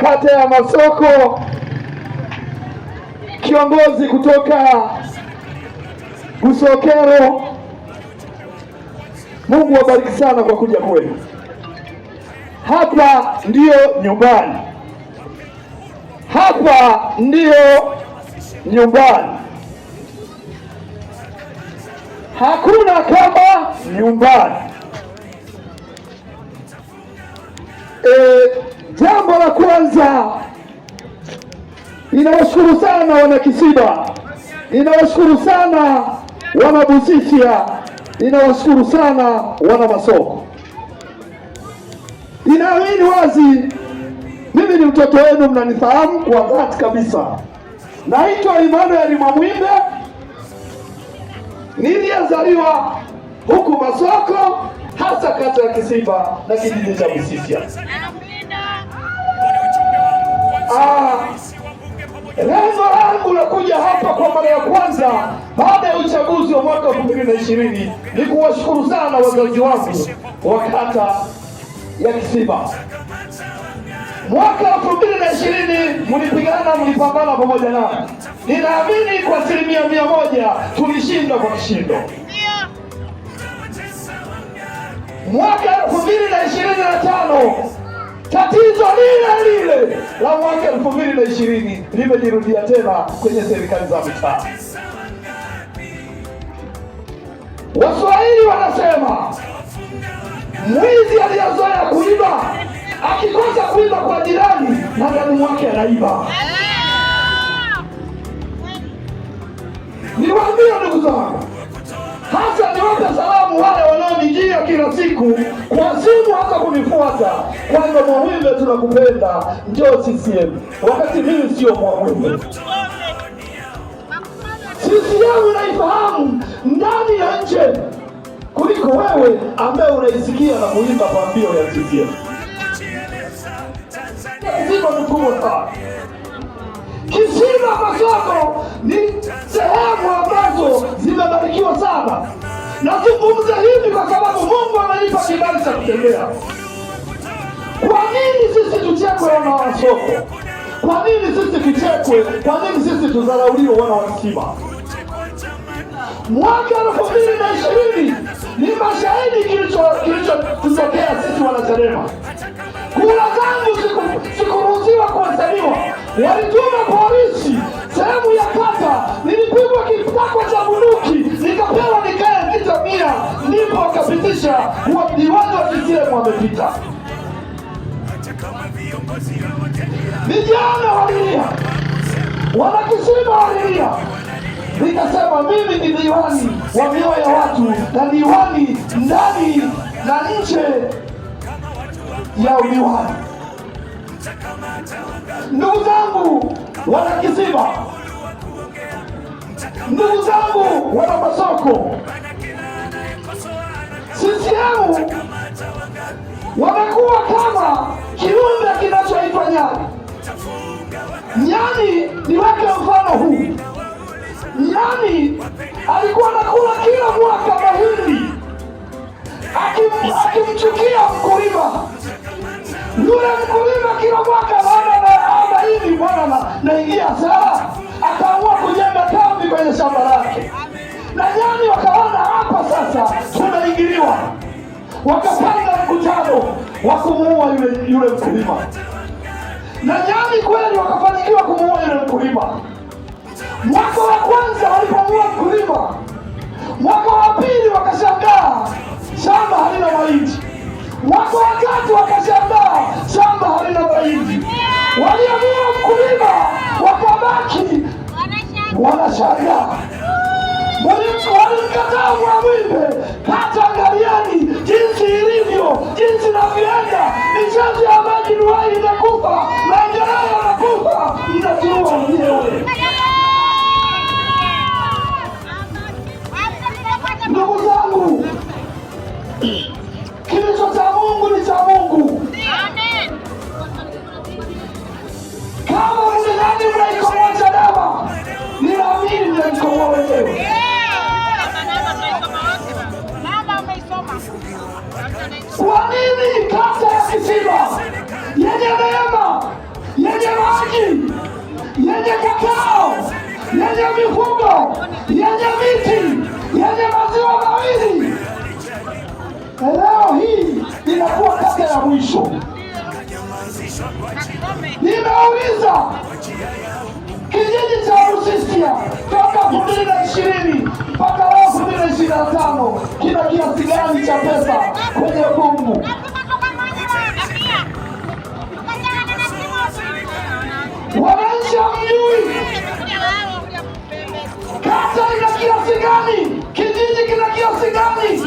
kata ya Masoko, kiongozi kutoka Busokero. Mungu wabariki sana kwa kuja kwenu. Hapa ndiyo nyumbani, hapa ndiyo nyumbani, hakuna kama nyumbani. E, Jambo la kwanza, ninawashukuru sana wana Kisiba, ninawashukuru sana wana Busisia, ninawashukuru sana wana Masoko. Ninaamini wazi mimi ni mtoto wenu, mnanifahamu kwa dhati kabisa. Naitwa Emmanuel Mwamwimbe, niliyezaliwa huku Masoko, hasa kata ya Kisiba na kijiji cha Busisia. Wazo ah. langu la kuja hapa kwa mara ya kwanza baada ya uchaguzi wa mwaka elfu mbili na ishirini ni kuwashukuru sana wazazi wangu wa kata ya Kisiba. Mwaka elfu mbili na ishirini mlipigana, mlipambana pamoja nao. Ninaamini kwa asilimia mia moja tulishinda kwa kishindo. Mwaka elfu mbili na ishirini na tano Tatizo lile lile la mwaka elfu mbili na ishirini limejirudia tena kwenye serikali za mitaa. Waswahili wanasema mwizi aliyozoea kuiba akikosa kuiba kwa jirani, na ndani mwake anaiba. Niwaambie ndugu zangu hasa niwape salamu wale wanaonijia kila siku kwa simu, hata kunifuata kwamba Mwamwembe tunakupenda, njoo CCM, wakati mimi sio Mwamwembe. CCM naifahamu ndani ya nje kuliko wewe ambaye unaisikia na kuimba kwa mbio ya CCM. Kisima mkubwa sana, Kisima Masoko ni sehemu zako zimebarikiwa sana. Nazungumza hivi kwa sababu Mungu amenipa kibali cha kutembea. Kwa nini sisi tuchekwe wana wa soko? Kwa nini sisi tuchekwe? Kwa nini sisi tudharauliwe wana wa Mtima? Mwaka elfu mbili na ishirini ni mashahidi kilichotutokea sisi wanachadema. Kura zangu sikuruhusiwa kuhesabiwa, walituma polisi sehemu ya kata wamepita, vijana walilia, wanakisima walilia, nikasema mimi ni diwani wa mioyo ya watu na diwani ndani na nje ya udiwani. Ndugu zangu wanakisima, ndugu zangu wana masoko yangu wamekuwa kama kiumbe kinachoitwa nyani. Nyani, niweke mfano huu. Nyani alikuwa nakula kila mwaka mahindi, akimchukia mkulima yule. Mkulima kila mwaka anaana hivi, bwana, naingia saa Akaamua kujenga kambi kwenye shamba lake, na nyani wakaona hapa sasa tunaingiliwa, wakapanga mkutano wa kumuua yule, yule mkulima na nyani kweli wakafanikiwa kumuua yule mkulima. Mwaka wa kwanza walipomuua mkulima, mwaka wa pili wakashangaa shamba halina mahindi, mwaka wa tatu wakashangaa shamba halina mahindi. Waliomuua mkulima wakabaki wanashangaa maji yenye kakao yenye mifugo yenye miti yenye maziwa mawili. Leo hii inakuwa kata ya mwisho. Nimeuliza kijiji cha Rusisia toka elfu mbili na ishirini mpaka leo elfu mbili na ishirini na tano kina kiasi gani cha pesa kwenye fungu? kiasi gani, kijiji kina kiasi gani,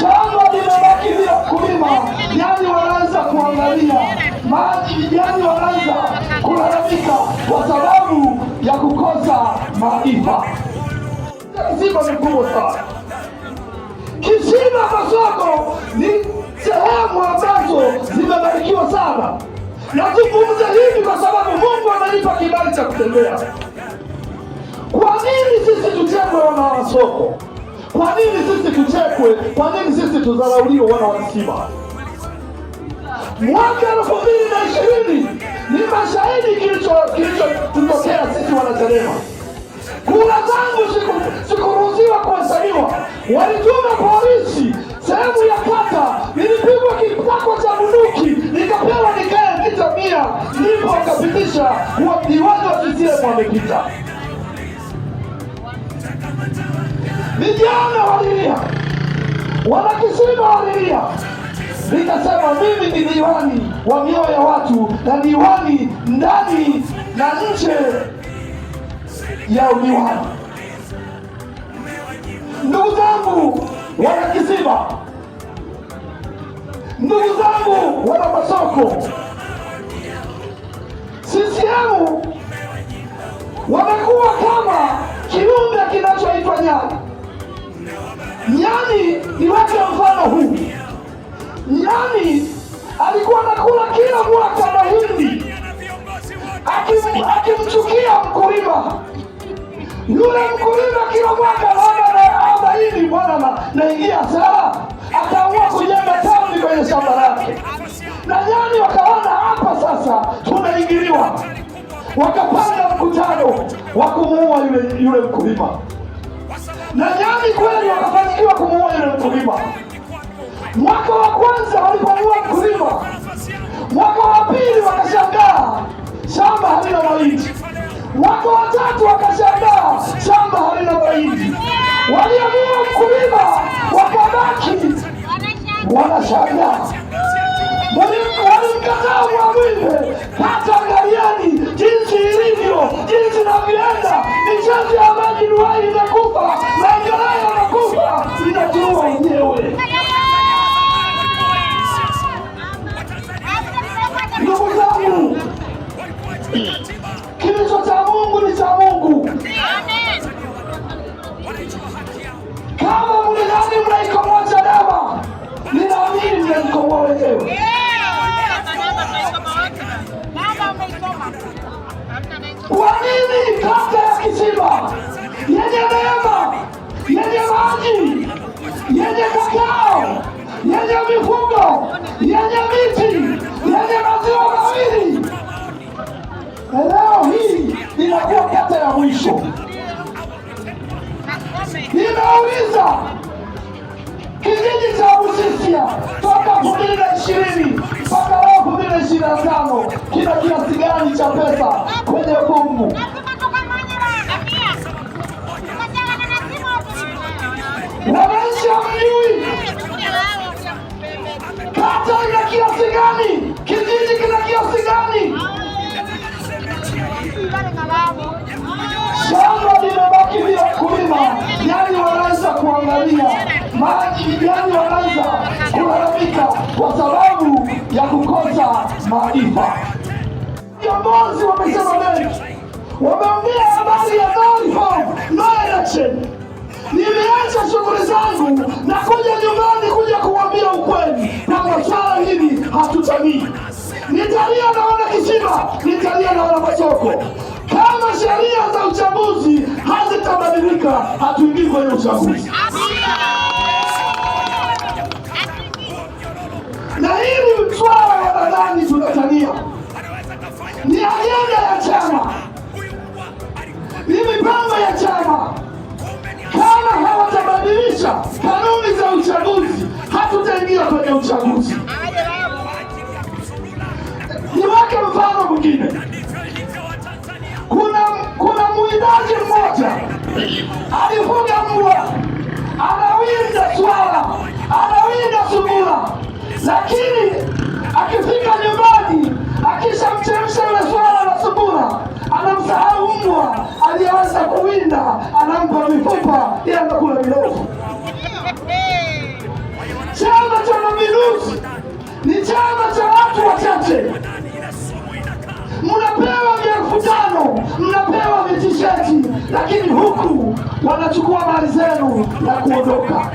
shamba limebaki bila kulima, yani wanaanza kuangalia maji, yani wanaanza kulalamika kwa sababu ya kukosa maarifa. Msiba ni mkubwa sana. Kisima Masoko ni sehemu ambazo zimebarikiwa sana. Nazungumza hivi kwa sababu Mungu amenipa kibali cha kutembea. Kwa nini sisi tuchekwe wana wa soko? Kwa nini sisi tuchekwe? Kwa nini sisi tuzalauliwe wana wa kisima? Mwaka elfu mbili na ishirini ni mashahidi kilichotutokea sisi wanachadema. Kura zangu sikuruhusiwa kuhesabiwa, walituma polisi sehemu ya kata, nilipigwa kipako cha bunduki nikapewa Samia ndipo akapitisha kuwa diwani wa CCM wamekita. Vijana walilia, wanakisima walilia, nikasema mimi ni diwani wa mioyo ya watu na diwani ndani na nje ya udiwani. Ndugu zangu wanakisima, ndugu zangu wana Masoko. CCM wamekuwa kama kiumbe kinachoitwa nyani. Nyani, ni wa mfano huu. Nyani alikuwa anakula kila mwaka mahindi akimchukia mkulima yule mkulima, kila mwaka labda na arobaini, bwana naingia sana, akaamua kujenga tauni kwenye shamba lake na nyani wakawa sasa tumeingiliwa, wakapanga mkutano wa kumuua yule, yule mkulima na nyani kweli wakafanikiwa kumuua yule mkulima. Mwaka wa kwanza walipomuua mkulima, mwaka wa pili wakashangaa shamba halina mahindi, mwaka wa tatu wakashangaa shamba halina mahindi. Waliomuua mkulima wakabaki wanashangaa yenye neema, yenye maji, yenye kakao, yenye mifugo, yenye miti, yenye maziwa mawili. Leo hii inakuwa kata ya mwisho. Ninauliza, kijiji cha Busisia toka elfu mbili na ishirini mpaka leo elfu mbili na ishirini na tano kina kiasi gani cha pesa kwenye Mungu? kukosa kulalamika kwa sababu ya kukosa maarifa. Viongozi wamesema mengi, wameongea habari ya no election. Nimeacha shughuli zangu na kuja nyumbani kuja kuwambia ukweli, na swala hili hatutamii. Nitalia naona kisima, nitalia naona masoko. Kama sheria za uchaguzi hazitabadilika, hatuingii kwenye uchaguzi. ni ajenda ya chama, ni mipango ya chama. Kama hawatabadilisha kanuni za uchaguzi, hatutaingia kwenye uchaguzi. Niweke mfano mwingine. Kuna, kuna mwindaji mmoja alifuga mbwa, anawinda swala, anawinda sungura, lakini akifika nyumbani mchemsha ule swala la subura, anamsahau mbwa aliyeanza kuwinda, anampa mifupa, ya kula midofu. Chama cha mapinduzi ni chama cha watu wachache. Mnapewa elfu tano mnapewa vitisheti, lakini huku wanachukua mali zenu na kuondoka.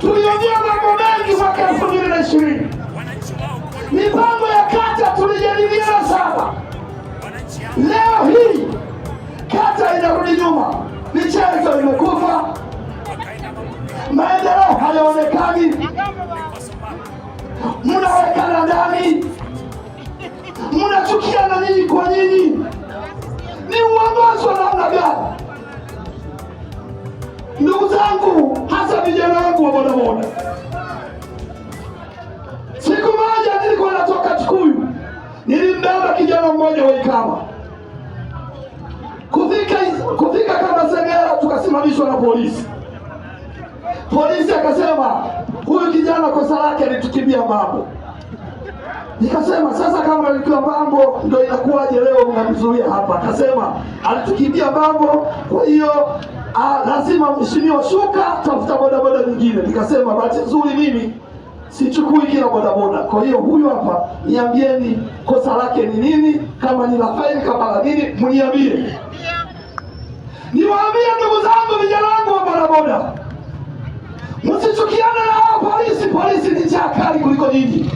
Tuliongea mambo mengi mwaka elfu mbili na ishirini Mipango ya kata tulijadiliana sana. Leo hii kata inarudi nyuma, michezo imekufa, maendeleo hayaonekani, mnawekana ndani, mnachukiana nyinyi kwa nyinyi. Ni uongozi wa namna gani? Ndugu zangu, hasa vijana wangu wa bodaboda Siku moja nilikuwa natoka Tukuyu, nilimbeba kijana mmoja wa Ikama kufika kufika kama Segera, tukasimamishwa na polisi. Polisi akasema huyu kijana kosa lake alitukimbia mambo. Nikasema sasa, kama alikuwa mambo ndio inakuwaje leo mnamzuia hapa? Akasema alitukimbia mambo, kwa hiyo lazima mheshimiwa, shuka, tafuta bodaboda nyingine. Nikasema bahati nzuri mimi sichukui kila bodaboda. Kwa hiyo huyu hapa, niambieni kosa lake ni nini, kama ni la faili kama la nini, mniambie. Niwaambie ndugu zangu, vijana wangu wa bodaboda, msichukiane na hao polisi. Polisi ni cha kali kuliko nyinyi.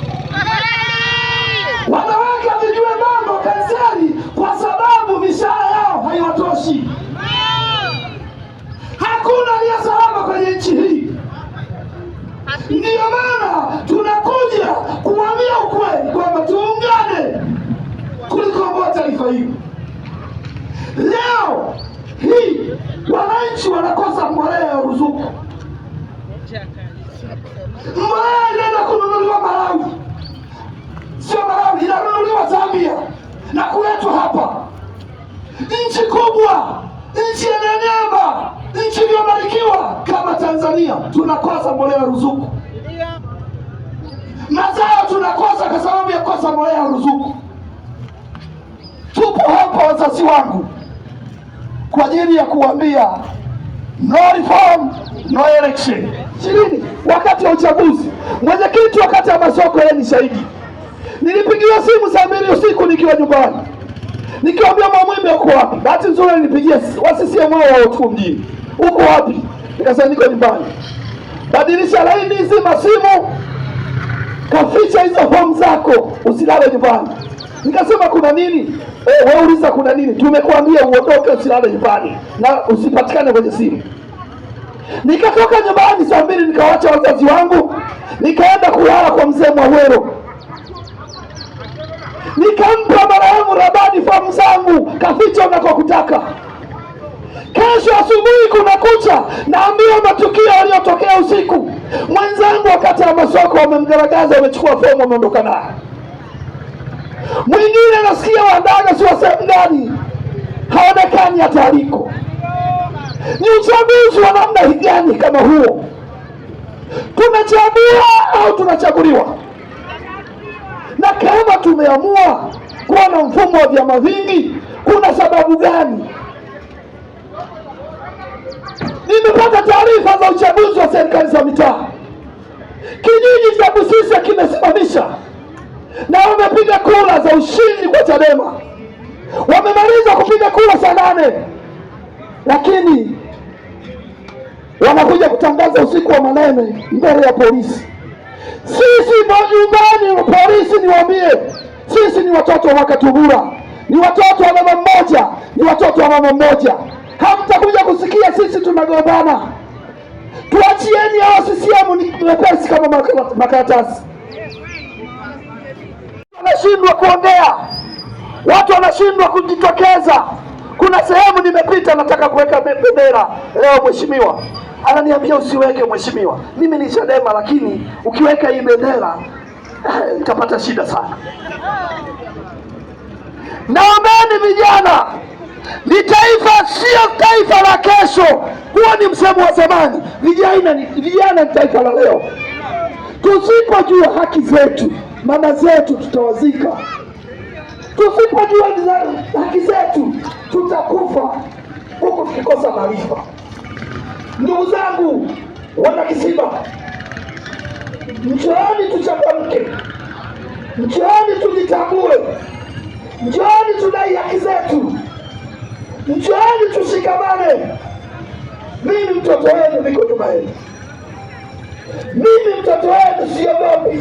Wanawake vijue mambo kanisani, kwa sababu mishahara yao haiwatoshi. Hakuna salama kwenye nchi hii. Ndiyo maana tunakuja kuambia ukweli kwamba tuungane kulikomboa taifa hili. Leo hii wananchi wanakosa mbolea ya ruzuku, mbolea inaenda kununuliwa Malawi, sio Malawi, inanunuliwa Zambia na kuletwa hapa, nchi kubwa, nchi yenye neema Nchi iliyobarikiwa kama Tanzania tunakosa mbolea ruzuku, mazao tunakosa kwa sababu ya kosa mbolea ruzuku. Tupo hapa wazazi wangu kwa ajili ya kuambia no reform no election. Shilini wakati wa uchaguzi, mwenyekiti wakati wa masoko, yeye ni shahidi. Nilipigiwa simu saa mbili usiku nikiwa nyumbani nikiwambia Mwamwimbe uko wapi? Bahati nzuri nilipigia wa CCM mjini uko wapi? Nikasema niko nyumbani. Badilisha laini zima simu, kaficha hizo fomu zako, usilale nyumbani. Nikasema kuna nini? Eh, wewe uliza kuna nini? Tumekuambia uondoke, usilale nyumbani na usipatikane kwenye simu. Nikatoka nyumbani saa mbili, nikawacha wazazi wangu, nikaenda kulala kwa mzee Mwawero, nikampa mara yangu Rabani famu zangu, kaficha unakokutaka. Kesho asubuhi kuna kucha, naambia matukio yaliyotokea usiku. Mwenzangu wakati ya masoko wamemgaragaza, wamechukua fomu, wameondoka naye. Mwingine nasikia wandaga siwa sehemu gani, haonekani hata aliko. Ni uchaguzi wa namna gani kama huo? Tunachagua au tunachaguliwa? Na kama tumeamua kuwa na mfumo wa vyama vingi, kuna sababu gani Nimepata taarifa za uchaguzi wa serikali za mitaa, kijiji cha Busisi kimesimamisha na wamepiga kura za ushindi kwa Chadema. Wamemaliza kupiga kura saa nane, lakini wanakuja kutangaza usiku wa manane mbele ya polisi. Sisi majumbani, polisi niwaambie, sisi ni watoto wa Makatubura, ni watoto wa mama mmoja, ni watoto wa mama mmoja hamtakuja kusikia sisi tumegombana. Tuachieni hao CCM ni wepesi kama makaratasi, wanashindwa kuongea, watu wanashindwa kujitokeza. Kuna sehemu nimepita, nataka kuweka bendera leo, mheshimiwa ananiambia usiweke. Mheshimiwa, mimi ni Chadema, lakini ukiweka hii bendera nitapata eh, shida sana. Naombeni vijana ni taifa, sio taifa la kesho. Huo ni msemo wa zamani. Vijana ni vijana, ni taifa la leo. Tusipojua haki zetu, mama zetu tutawazika. Tusipojua haki zetu, tutakufa huku tukikosa maarifa. Ndugu zangu wana Kisima, njooni tuchangamke, njooni tujitambue, njooni tudai haki zetu. Njooni tushikamane, mimi mtoto wenu, niko nyuma yenu, mimi mtoto wenu, siogopi.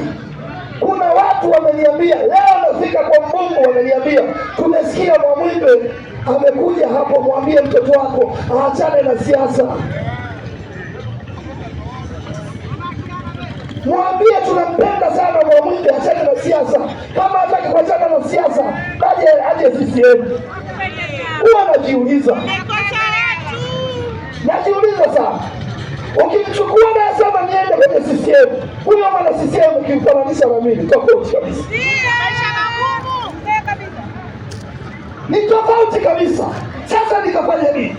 Kuna watu wameniambia leo nafika kwa Mungu, wameniambia tumesikia Mwamwimbe amekuja hapo, mwambie mtoto wako aachane na siasa, mwambie tunampenda sana Mwamwimbe, achane na siasa. Kama hataki kuachana na siasa, aje aje CCM najiuliza, najiuliza sana. Ukimchukua na sema niende kwenye CCM, huyo mwana CCM ukimfananisha na mimi, tofauti kabisa, ni tofauti kabisa. Sasa nikafanya nini?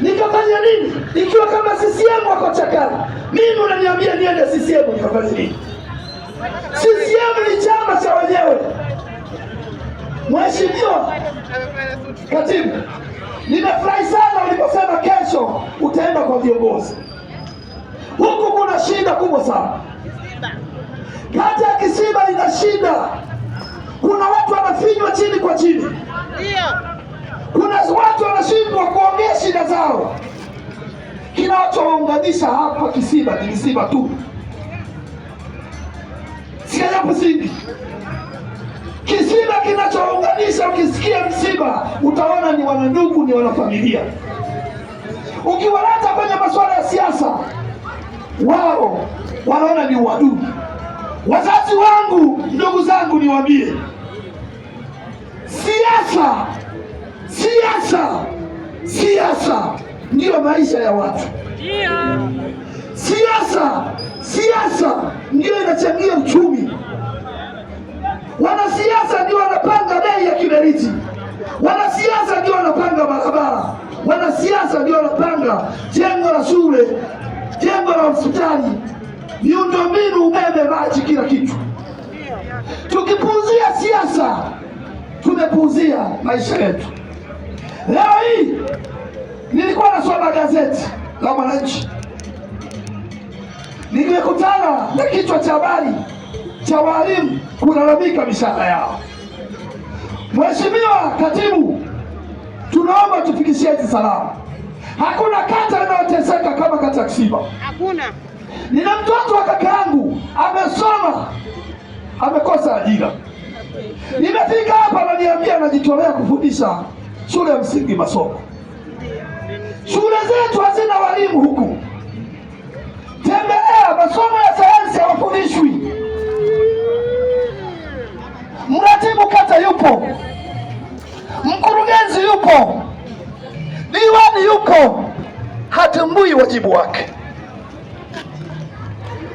Nikafanya nini ikiwa kama CCM wako chakala? Mimi unaniambia niende CCM, nikafanya nini? CCM ni chama cha wenyewe Mheshimiwa Katibu, nimefurahi sana uliposema kesho utaenda kwa viongozi. Huku kuna shida kubwa sana, kata ya Kisiba ina shida. Kuna watu wanafinywa chini kwa chini, kuna watu wanashindwa kuongea shida zao. kinachounganisha hapa Kisiba ni Kisiba tu, si singi Kisima kinachounganisha, ukisikia msiba utaona ni wanandugu, ni wanafamilia. Ukiwaleta kwenye masuala ya siasa, wao wanaona ni uadui. Wazazi wangu, ndugu zangu, niwaambie, siasa, siasa, siasa ndiyo maisha ya watu. Siasa, siasa ndiyo inachangia uchumi. Wanasiasa ndio wanapanga bei ya kiberiti, wanasiasa ndio wanapanga barabara, wanasiasa ndio wanapanga jengo la shule, jengo la hospitali, miundombinu, umeme, maji, kila kitu. Tukipuuzia siasa, tumepuuzia maisha yetu. Leo hii nilikuwa nasoma gazeti la Mwananchi, nimekutana na kichwa cha habari cha walimu kulalamika mishahara yao. Mheshimiwa Katibu, tunaomba tufikishie hizi salamu. Hakuna kata inayoteseka kama kata ya Kisiba. Hakuna. Nina mtoto wa kaka yangu amesoma, amekosa ajira. Nimefika hapa ananiambia anajitolea kufundisha shule ya msingi Masoko. Shule zetu hazina walimu huku, tembelea masomo ya sayansi hawafundishwi mratibu kata yupo, mkurugenzi yupo, diwani yupo, hatambui wajibu wake.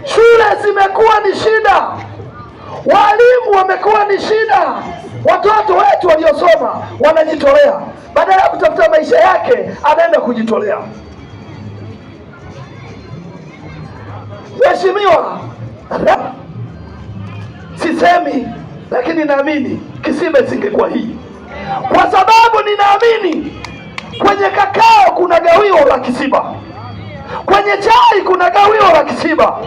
Shule zimekuwa ni shida, walimu wamekuwa ni shida. Watoto wetu waliosoma wanajitolea, badala ya kutafuta maisha yake anaenda kujitolea. Mheshimiwa, sisemi lakini naamini Kisibe singekuwa hii, kwa sababu ninaamini kwenye kakao kuna gawio la Kisiba, kwenye chai kuna gawio la Kisiba,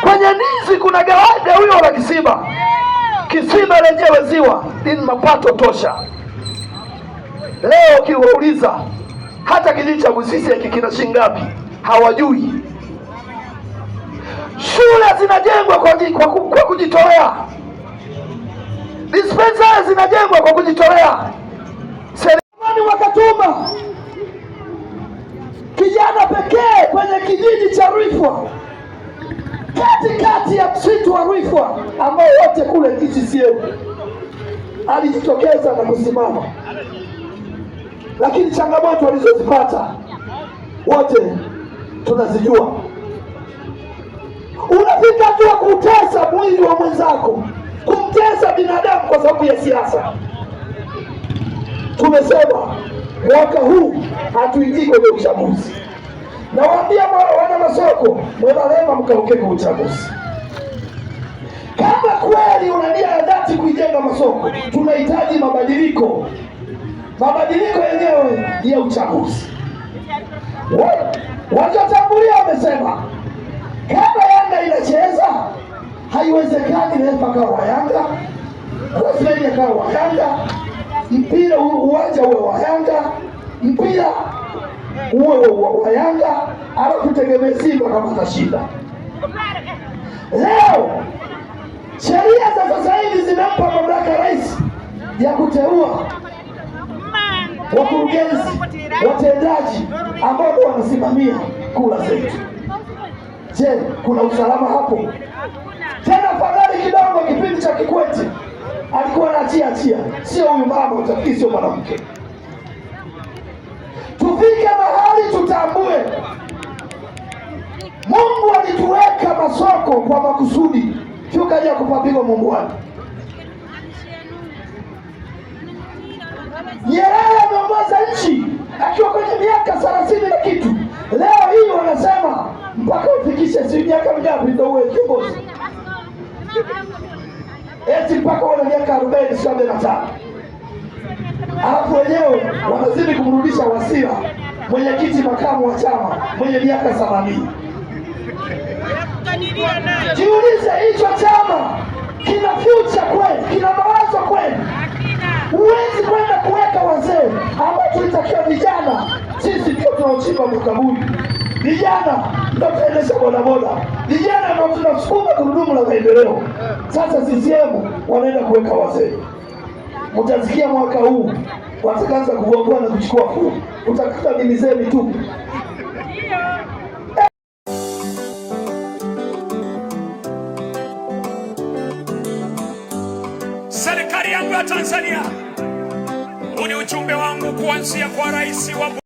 kwenye ndizi kuna gawio la Kisiba. Kisiba lenyewe ziwa lina mapato tosha. Leo ukiwauliza hata kijiji cha Busisi hiki kina shilingi ngapi, hawajui. Shule zinajengwa kwa, kwa, kwa kujitolea. Dispensari zinajengwa kwa kujitolea. Serikali wakatuma kijana pekee kwenye kijiji cha Rwifwa, kati kati ya msitu wa Rwifwa ambao wote kule ni CCM, alijitokeza na kusimama, lakini changamoto alizozipata wote tunazijua. Unafika tu kutesa mwili wa mwenzako kumtesa binadamu kwa sababu ya siasa. Tumesema mwaka huu hatuingii kwenye uchaguzi. Nawaambia wana masoko, lema, mkaoke kwa uchaguzi. Kama kweli una nia ya dhati kuijenga masoko, tunahitaji mabadiliko, mabadiliko yenyewe ya uchaguzi. Waliotangulia wamesema kama Yanga inacheza Haiwezekani refa akawa wa Yanga, Wesley akawa wa Yanga, mpira uwanja uwe wa Yanga, mpira uwe wa Yanga alafu tegemee Simba kama atashinda. Leo sheria za sasa hivi zimempa mamlaka rais ya kuteua wakurugenzi watendaji ambao ndio wanasimamia kula zetu. Je, kuna usalama hapo? Kikwete alikuwa anaachia achia, sio huyu mama, utafiki, sio mwanamke. Tufike mahali tutambue Mungu alituweka masoko kwa makusudi, sio kaja kupapiga Mungu wake. Nyerere ameongoza nchi akiwa kwenye miaka thelathini na kitu, leo hii wanasema mpaka ufikishe si miaka mingapi ndio uwe kiongozi eti mpaka wana miaka arobaini sio na tano alafu wenyewe wanazidi kumrudisha Wasira, mwenyekiti makamu wa chama mwenye miaka themanini. Jiulize, hicho chama kina future kweli? Kina mawazo kweli? Huwezi kwenda kuweka wazee ambao tulitakiwa vijana, sisi ndio tunaochimba makaburi vijana tutaendesha bodaboda, vijana ambao tunasukuma gurudumu la maendeleo. Sasa CCM wanaenda kuweka wazee, mtasikia mwaka huu watakaanza kugongoa na kuchukua kuu, utakuta mimi zeni tu serikali yangu ya Tanzania. Huu ni ujumbe wangu kuanzia kwa rais wa